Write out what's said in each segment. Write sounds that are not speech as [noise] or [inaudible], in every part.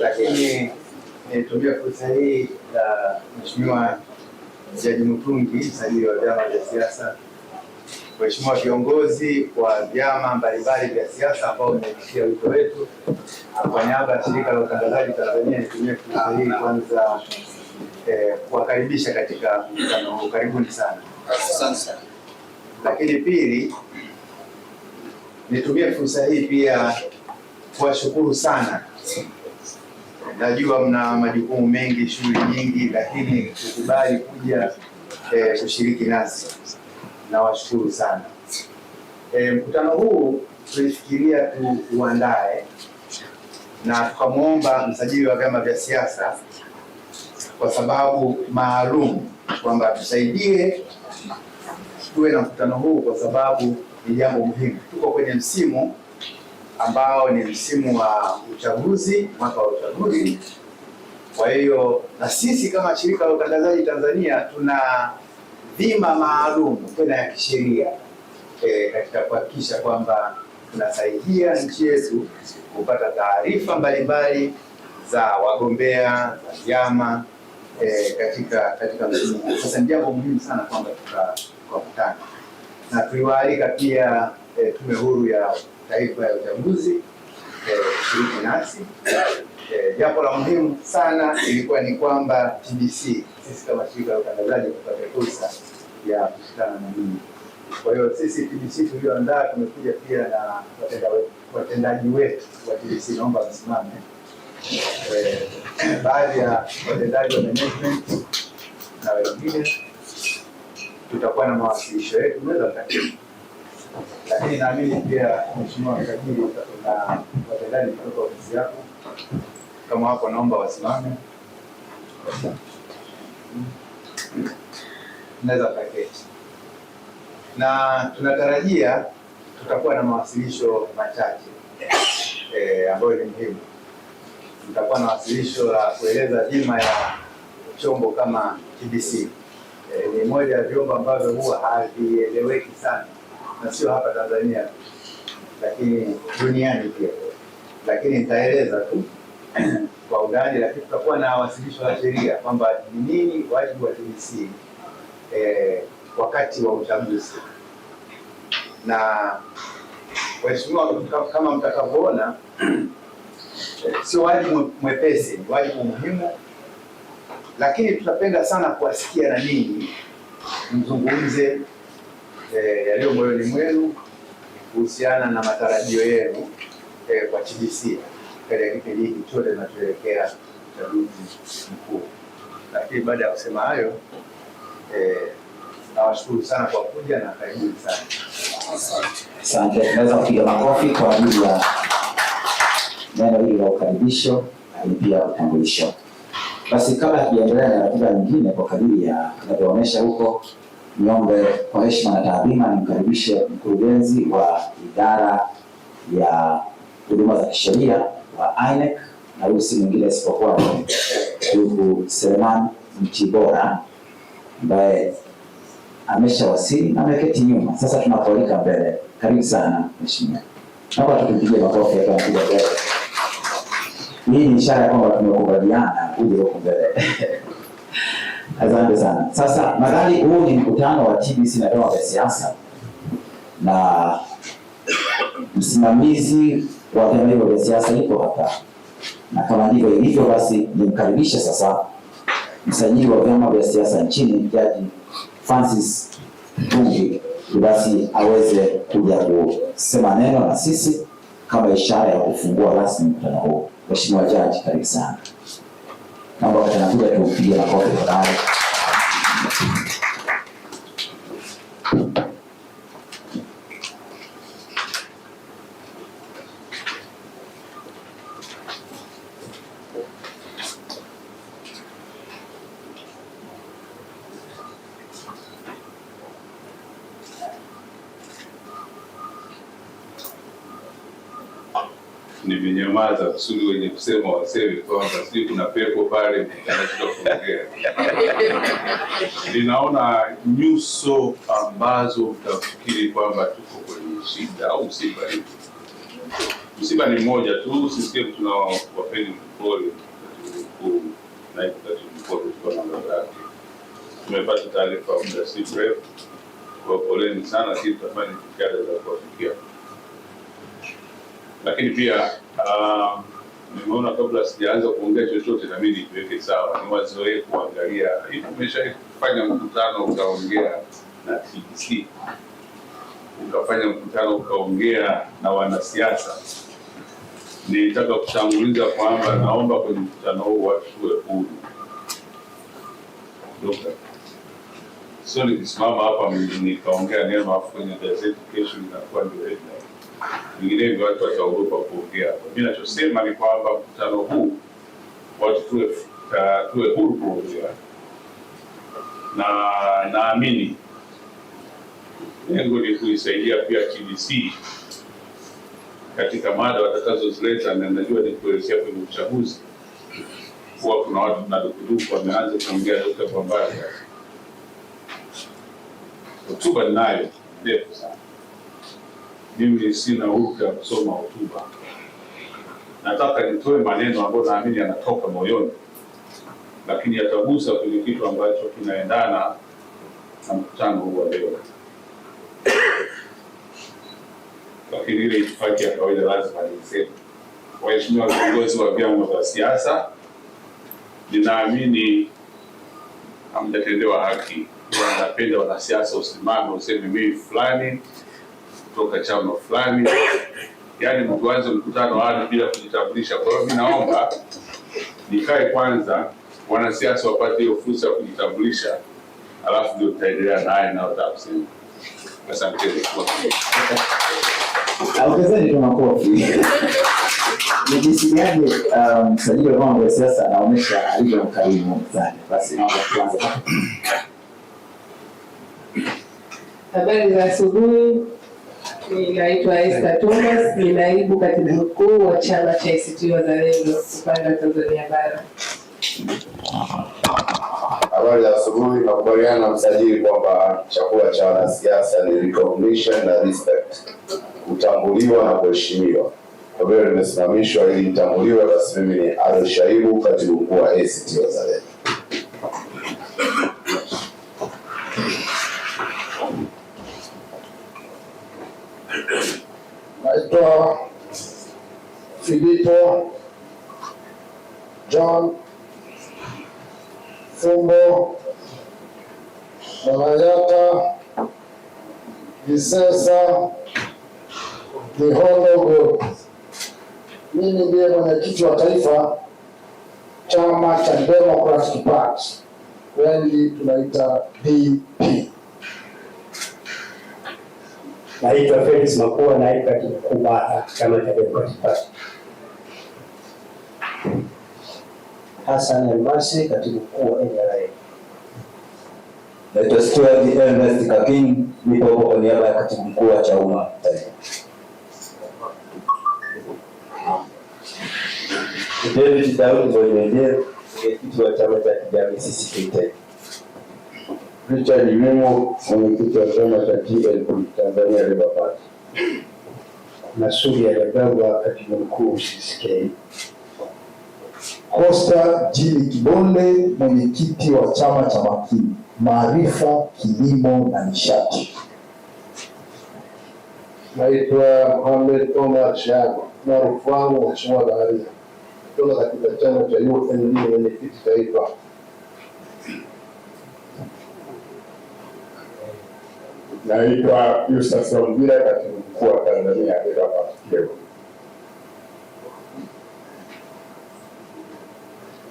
lakini nitumia fursa hii la Mheshimiwa Jaji Mutungi, msajili wa vyama vya siasa, waheshimiwa viongozi wa vyama mbalimbali vya siasa ambao mmeitikia wito wetu, kwa niaba ya Shirika la Utangazaji Tanzania nitumie fursa hii kwanza eh, kuwakaribisha katika mkutano huu. Karibuni sana. Lakini pili, nitumie fursa hii pia kuwashukuru sana najua mna majukumu mengi, shughuli nyingi, lakini kukubali kuja eh, kushiriki nasi, nawashukuru sana. Eh, mkutano huu tulifikiria tu uandae na tukamwomba msajili wa vyama vya siasa kwa sababu maalum kwamba tusaidie tuwe na mkutano huu kwa sababu ni jambo muhimu. Tuko kwenye msimu ambao ni msimu wa uchaguzi, mwaka wa uchaguzi. Kwa hiyo na sisi kama shirika la utangazaji Tanzania tuna dhima maalum tena ya kisheria e, katika kuhakikisha kwamba tunasaidia nchi yetu kupata taarifa mbalimbali za wagombea za vyama e, katika katika msimu Sasa ni jambo muhimu sana kwamba tukakutana na tuliwaalika pia e, Tume Huru ya taifa ya uchaguzi kushiriki eh, nasi. Eh, jambo la muhimu sana ilikuwa ni kwamba TBC sisi kama shirika la utangazaji tupate fursa ya kushikana na ninyi. Kwa hiyo sisi TBC tulioandaa tumekuja pia na watendaji wetu wa TBC, naomba msimame. Eh, [clears throat] baadhi ya watendaji wa management na wengine, tutakuwa na mawasilisho yetu meza lakini naamini pia mheshimiwa mkajiri na watendaji kutoka ofisi yako kama wako naomba wasimame, naweza paketi, na tunatarajia tutakuwa na mawasilisho machache e, ambayo ni muhimu. Tutakuwa na wasilisho la kueleza dhima ya chombo kama TBC. E, eh, ni moja ya vyombo ambavyo huwa havieleweki sana na sio hapa Tanzania lakini duniani pia. Lakini nitaeleza tu [clears throat] kwa undani, lakini tutakuwa na wasilisho la sheria kwamba ni nini wajibu wa TBC eh, wakati wa uchaguzi na waheshimiwa, kama mtakavyoona [clears throat] sio wajibu mwepesi, ni wajibu muhimu, lakini tutapenda sana kuwasikia na ninyi mzungumze e, yaliyo moyoni mwenu kuhusiana na matarajio yenu eh, kwa TBC katika kipindi hiki chote tunachoelekea uchaguzi mkuu. Lakini baada ya kusema hayo eh, nawashukuru sana kwa kuja na karibuni sana. Asante. naweza kupiga makofi kwa ajili ya neno hili la ukaribisho lakini pia utambulisho. Basi kabla hatujaendelea na ratiba nyingine, kwa kadiri ya tunavyoonyesha huko niombe kwa heshima na taadhima nimkaribishe mkurugenzi wa idara ya huduma za kisheria wa INEC na huyu si mwingine isipokuwa ndugu Seleman Mchibora ambaye ameshawasili na ameketi nyuma. Sasa tunakualika mbele. Karibu sana mheshimiwa, naomba tukimpigia makofi. Hii ni ishara ya kwamba tumekubaliana kuja huku mbele. [laughs] Asante sana. Sasa nadhani huu ni mkutano wa TBC na vyama vya siasa na msimamizi wa vyama hivyo vya siasa yuko hapa, na kama ndivyo ilivyo, basi nimkaribisha sasa msajili wa vyama vya siasa nchini Jaji Francis Mtungi basi aweze kuja kusema neno na sisi kama ishara ya kufungua rasmi mkutano huu. Mheshimiwa Jaji, karibu sana naomba wakati anakuja tuupigie makofi tafadhali. nimenyamaza kusudi wenye kusema waseme kwamba sijui kuna pepo pale kuongea. Ninaona nyuso ambazo mtafikiri kwamba tuko kwenye shida au msiba. Msiba ni mmoja tu, sisi tunawapenda mkuu tumepata taarifa muda si mrefu. Kwa poleni sana, si tutafanya jitihada za kuwafikia lakini pia um, nimeona kabla sijaanza kuongea chochote nami nikiweke sawa, ni wazoe kuangalia Umeshafanya mkutano ukaongea na TBC, ukafanya mkutano ukaongea na wanasiasa. Nilitaka kutanguliza kwamba naomba kwenye mkutano huu watu huru. Sio nikisimama hapa nikaongea neno afu kwenye gazeti kesho inakuwa ndio headline vinginevyo watu wataogopa kuongea. Mi nachosema ni kwamba mkutano huu watu tuwe huru kuongea, na naamini lengo ni kuisaidia pia TBC katika mada watakazozileta, na najua ni kuelekea kwenye uchaguzi kuwa kuna watu na dukuduku wameanza kuongea dokta kwa mbali. Hotuba ninayo ndefu sana mimi sina uruka ya kusoma hotuba. Nataka nitoe maneno ambayo naamini yanatoka moyoni, lakini yatagusa kwenye kitu ambacho kinaendana na mkutano huu wa leo. Lakini ile itifaki ya kawaida lazima niiseme. Waheshimiwa viongozi wa vyama vya siasa, ninaamini hamjatendewa haki. Wanapenda wanasiasa usimame useme mimi fulani kutoka chama fulani, yaani mtuanze mkutano watu bila kujitambulisha. Kwa hiyo naomba nikae kwanza, wanasiasa wapate hiyo fursa ya kujitambulisha, alafu ndio tutaendelea na haya nayotakusema. Asanteni. Aukezeni tu makofi. Ni jinsi gani uh, msajili wa vyama vya siasa anaonyesha alivyo mkarimu sana. Basi naomba tuanze. Habari za asubuhi. Ninaitwa Esther Thomas, ni naibu katibu mkuu wa chama cha ACT Wazalendo upande wa Tanzania Bara. Habari za asubuhi. Nakubaliana na msajili kwamba chakula cha wanasiasa ni recognition na respect, kutambuliwa na kuheshimiwa. Kwa hiyo nimesimamishwa ili nitambuliwe, Basi mimi ni Ado Shaibu, katibu mkuu wa ACT Wazalendo. Filipo John Fumbo Malayata Visesa Mihologo. Mimi ndiye mwenyekiti wa taifa chama cha Democratic Party, wengi tunaita DP. Naitwa Felix Makua, naika Kikubata, chama cha Democratic Party. Hassan Almasri, katibu mkuu wa NRA. Dr. Stuart Ernest Kakin, nipo kwa niaba ya katibu mkuu wa Chauma Taifa. David Daudi Mwenyeje, mwenyekiti wa chama cha kijamii CCK Taifa. Richard Memo, mwenyekiti wa chama cha TLP Tanzania Labour Party. Nasuri Yaragagwa, katibu mkuu CCK. Costa Jimmy Kibonde, mwenyekiti wa chama cha makini maarifa, kilimo na nishati. Naitwa Mohamed Omar Shago maarufu Mheshimiwa Baharia, kutoka katika chama cha UND, mwenyekiti taifa. Naitwa Yusuf Songira, katibu mkuu wa Tanzania Elapatikeo.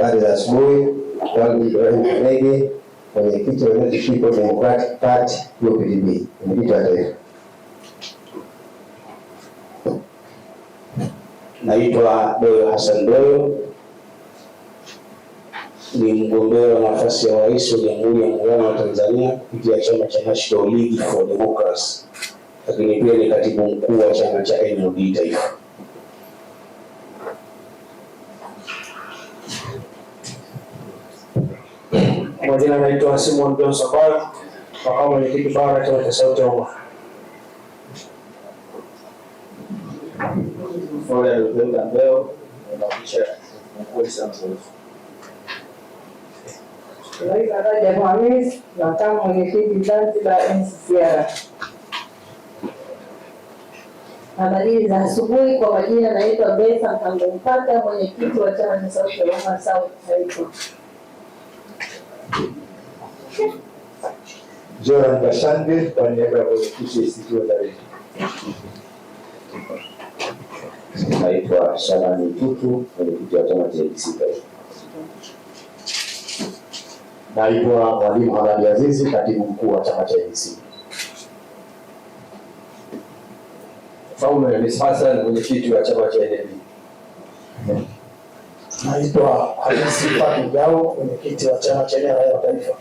habari za asubuhi. Mwalimu Ibrahim Kamege, mwenyekiti wa Leadership Democratic Party UPDB, mwenyekiti wa taifa. Naitwa Doyo Hassan Doyo, ni mgombea wa nafasi ya urais wa Jamhuri ya Muungano wa Tanzania kupitia chama cha National League for Democracy, lakini pia ni katibu mkuu wa chama cha NLD taifa. Kwa jina naitwa Simon John Sabayo, makamu mwenyekiti bara chama cha Sauti ya Umma. mwenyekiti Zanzibar Habari za asubuhi. Kwa majina naitwa Betha Mpango Mpata, mwenyekiti wa chama cha Sauti ya Umma South Taifa. Joran Gashange kwa niaba ya mwenyekiti isikiwa tarehe. Naitwa Shalani Tutu, mwenyekiti wa chama cha ACT. Naitwa Mwalimu Hamadi Azizi, katibu mkuu wa chama cha ACT. Faume Hasan, mwenyekiti wa chama cha NLD. Naitwa Hamisi Fadlu Mgao, mwenyekiti wa chama cha NRA wa Taifa.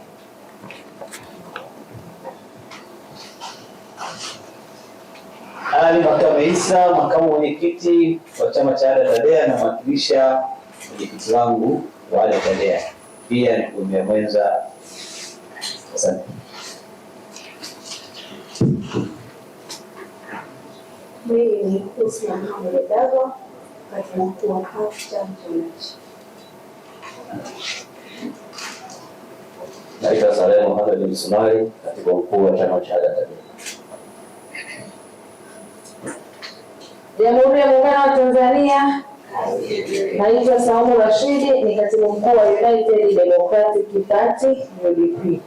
Ali Makame Isa, makamu mwenyekiti wa chama cha ada Tadea, na mwakilisha mwenyekiti wangu wa ada Tadea, pia ni mgombea mwenza. Asante. Mimi ni Husna Mohamed Dagwa, katibu mkuu wa chama cha wananchi. Naitwa Saleh Mohamed Msumari, katibu mkuu wa chama cha Tabia. Jamhuri ya Muungano wa Tanzania. Naitwa Saumu Rashidi, ni katibu mkuu wa United Democratic Party UDP.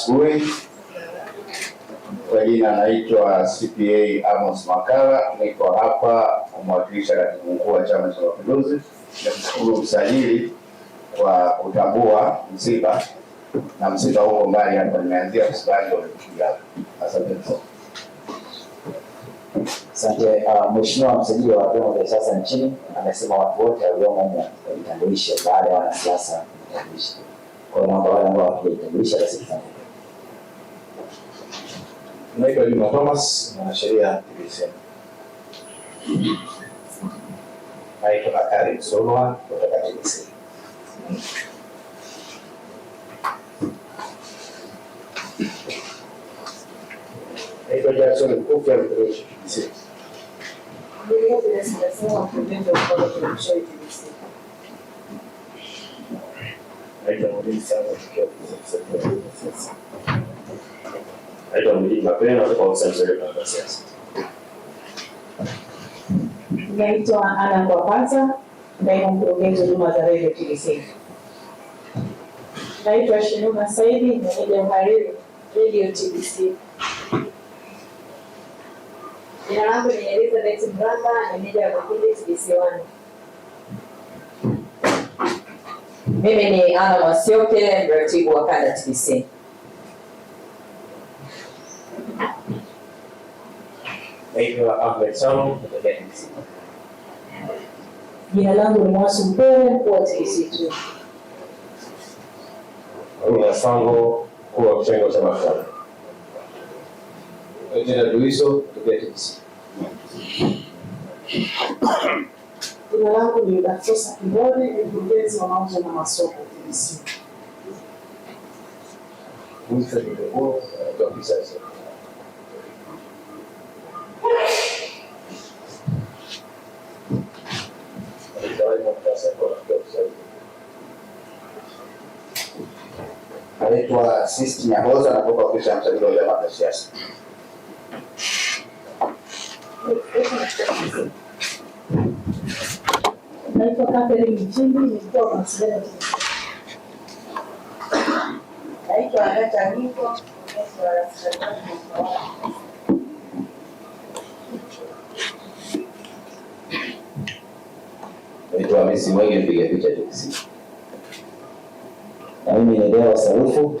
asubuhi. Kwa jina anaitwa CPA Amos Makala, niko hapa kumwakilisha katibu mkuu wa Chama cha Mapinduzi. Nakushukuru msajili kwa kutambua msiba na msiba huko mbali hapa nimeanzia kusibani ulipiga. Asante sana. Asante uh, Mheshimiwa msajili wa vyama vya siasa nchini amesema watu wote waliomo wajitambulishe baada ya wanasiasa kujitambulisha. Kwa hiyo naomba wale ambao hawajajitambulisha basi Naitwa Juma Thomas, mwanasheria TBC. Naitwa Bakari Msolwa kutoka TBC. Naitwa Jackson Mkuki kutoka TBC. Naitwa Mwalimu Sana kutoka TBC naitwa Mjini Mapena kutoka ofisi ya msajili wa siasa. Naitwa Ana Kwapata, naibu mkurugenzi huduma za redio TBC. Naitwa Shinuma Saidi, meneja redio TBC. Jina langu ni Elizabeth Mramba, meneja wa TBC One. Mimi ni Ana Masioke, mratibu wa kanda TBC. Taifa Ahmed Samu Jina langu ni Mwasu Mpele, mkuu wa TBC tu. Mimi mkuu wa kitengo cha mafuta. Jina Luiso Jina langu ni Daftosa Kibone, mkurugenzi wa mauzo na masoko TBC. Asisti Nyahoza nakupa ofisa ya msajili wa vyama vya siasa. Naitwa Catherine Mchimbi, nilikuwa mawasiliano. Naitwa Aneta Niko, naitwa Hamisi Mwenge, mpiga picha tukisi. Na mimi ni Deo Sarufu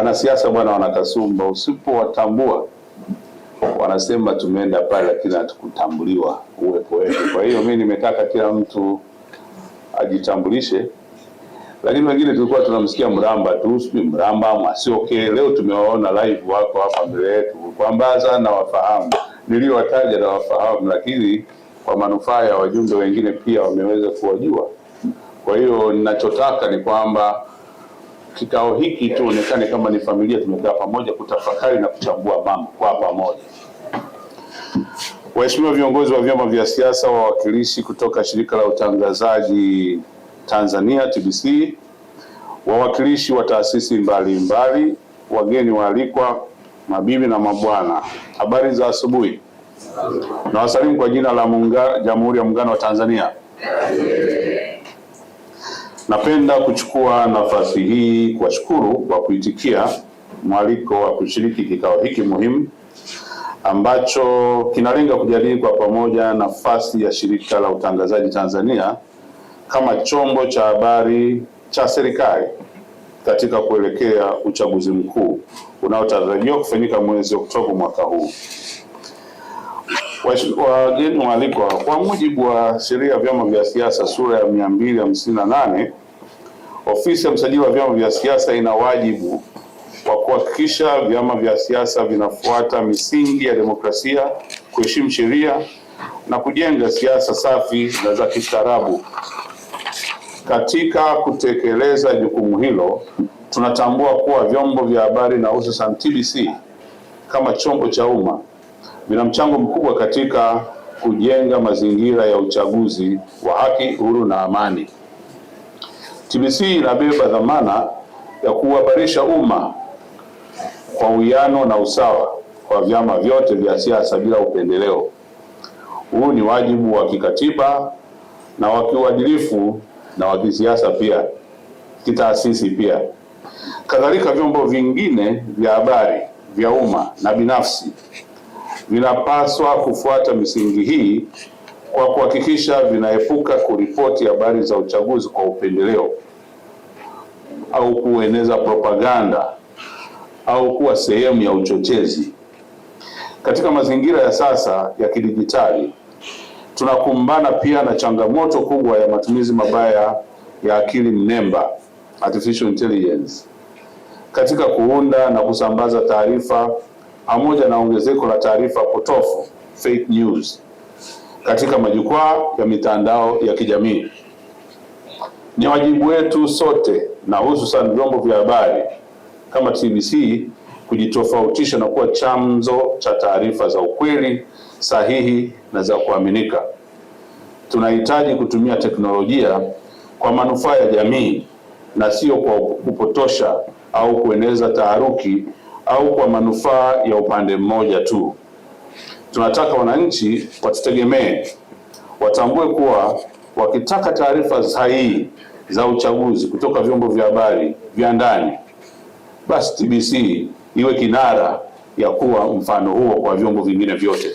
Wanasiasa bwana, wanakasumba, usipowatambua wanasema tumeenda pale, lakini hatukutambuliwa uwepo wetu. Kwa hiyo mimi nimetaka kila mtu ajitambulishe, lakini wengine tulikuwa tunamsikia Mramba tu, sijui Mramba Mwasioke. Leo tumewaona live, wako hapa mbele yetu. Kwa sana wafahamu niliowataja nawafahamu, lakini kwa manufaa ya wajumbe wengine pia wameweza kuwajua. Kwa hiyo ninachotaka ni kwamba kikao hiki tuonekane kama ni familia, tumekaa pamoja kutafakari na kuchambua mambo kwa pamoja. Waheshimiwa viongozi wa vyama vya siasa, wawakilishi kutoka shirika la utangazaji Tanzania TBC, wawakilishi wa taasisi mbalimbali, wageni waalikwa, mabibi na mabwana, habari za asubuhi. Nawasalimu kwa jina la Jamhuri ya Muungano wa Tanzania. Napenda kuchukua nafasi hii kuwashukuru kwa kuitikia mwaliko wa kushiriki kikao hiki muhimu ambacho kinalenga kujadili kwa pamoja nafasi ya Shirika la Utangazaji Tanzania kama chombo cha habari cha serikali katika kuelekea uchaguzi mkuu unaotarajiwa kufanyika mwezi Oktoba mwaka huu. Wageni waalikwa, kwa mujibu wa sheria ya vyama vya siasa sura ya nane, ofisi ya msajili wa vyama vya siasa ina wajibu wa kuhakikisha vyama vya siasa vinafuata misingi ya demokrasia, kuheshimu sheria na kujenga siasa safi na za kistaarabu. Katika kutekeleza jukumu hilo, tunatambua kuwa vyombo vya habari na hususan TBC kama chombo cha umma vina mchango mkubwa katika kujenga mazingira ya uchaguzi wa haki, huru na amani. TBC inabeba dhamana ya kuhabarisha umma kwa uwiano na usawa kwa vyama vyote vya siasa bila upendeleo. Huu ni wajibu wa kikatiba na wa kiuadilifu na wa kisiasa pia, kitaasisi pia. Kadhalika vyombo vingine vya habari vya umma na binafsi vinapaswa kufuata misingi hii kwa kuhakikisha vinaepuka kuripoti habari za uchaguzi kwa upendeleo au kueneza propaganda au kuwa sehemu ya uchochezi. Katika mazingira ya sasa ya kidijitali, tunakumbana pia na changamoto kubwa ya matumizi mabaya ya akili mnemba artificial intelligence katika kuunda na kusambaza taarifa pamoja na ongezeko la taarifa potofu fake news katika majukwaa ya mitandao ya kijamii. Ni wajibu wetu sote na hususan vyombo vya habari kama TBC kujitofautisha na kuwa chanzo cha taarifa za ukweli, sahihi na za kuaminika. Tunahitaji kutumia teknolojia kwa manufaa ya jamii na sio kwa kupotosha au kueneza taharuki au kwa manufaa ya upande mmoja tu. Tunataka wananchi watutegemee watambue kuwa wakitaka taarifa sahihi za uchaguzi kutoka vyombo vya habari vya ndani, basi TBC iwe kinara ya kuwa mfano huo kwa vyombo vingine vyote.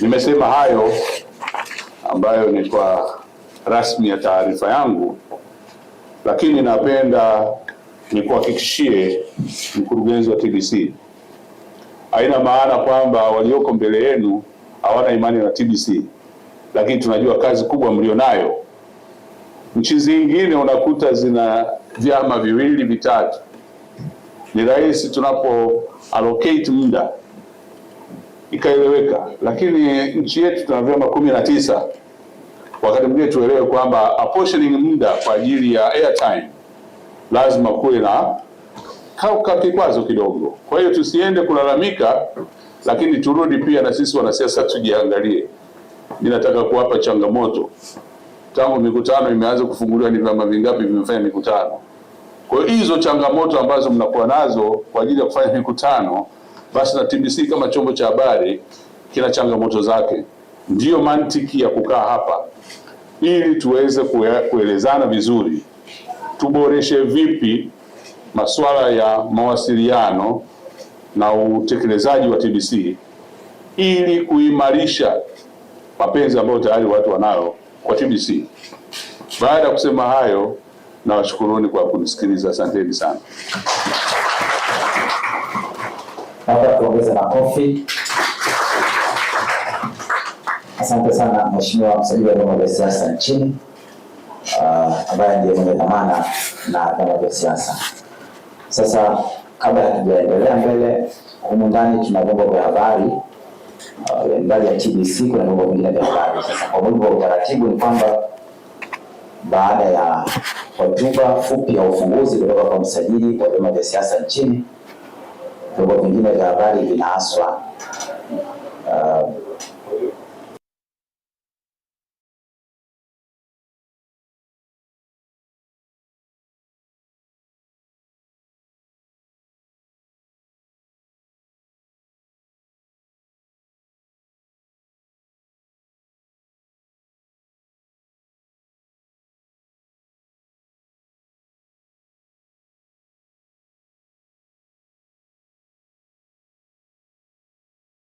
Nimesema hayo ambayo ni kwa rasmi ya taarifa yangu, lakini napenda nikuhakikishie mkurugenzi wa TBC, haina maana kwamba walioko mbele yenu hawana imani na TBC, lakini tunajua kazi kubwa mlionayo. Nchi zingine unakuta zina vyama viwili vitatu, ni rahisi tunapo allocate muda ikaeleweka, lakini nchi yetu tuna vyama kumi na tisa. Wakati mwingine tuelewe kwamba apportioning muda kwa ajili ya airtime lazima kuwe na kikwazo kidogo. Kwa hiyo tusiende kulalamika, lakini turudi pia na sisi wanasiasa tujiangalie. Ninataka kuwapa changamoto, tangu mikutano imeanza kufunguliwa ni vyama vingapi vimefanya mikutano? Kwa hiyo hizo changamoto ambazo mnakuwa nazo kwa ajili ya kufanya mikutano, basi na TBC kama chombo cha habari kina changamoto zake. Ndiyo mantiki ya kukaa hapa ili tuweze kuelezana vizuri tuboreshe vipi masuala ya mawasiliano na utekelezaji wa TBC ili kuimarisha mapenzi ambayo tayari watu wanayo kwa TBC. Baada ya kusema hayo, nawashukuruni kwa kunisikiliza. Asanteni sana. Labda tuongeze makofi. Asante sana Mheshimiwa msajili wa vyama vya siasa nchini ambaye ndiye mwenye dhamana na vyama vya siasa. Sasa kabla hatujaendelea mbele, humu ndani tuna vyombo vya habari eh, ndani ya TBC, kuna vyombo vingine vya habari. Sasa kwa mujibu wa utaratibu ni kwamba baada ya hotuba fupi ya ufunguzi kutoka kwa msajili wa vyama vya siasa nchini, vyombo vingine vya habari vinaaswa uh,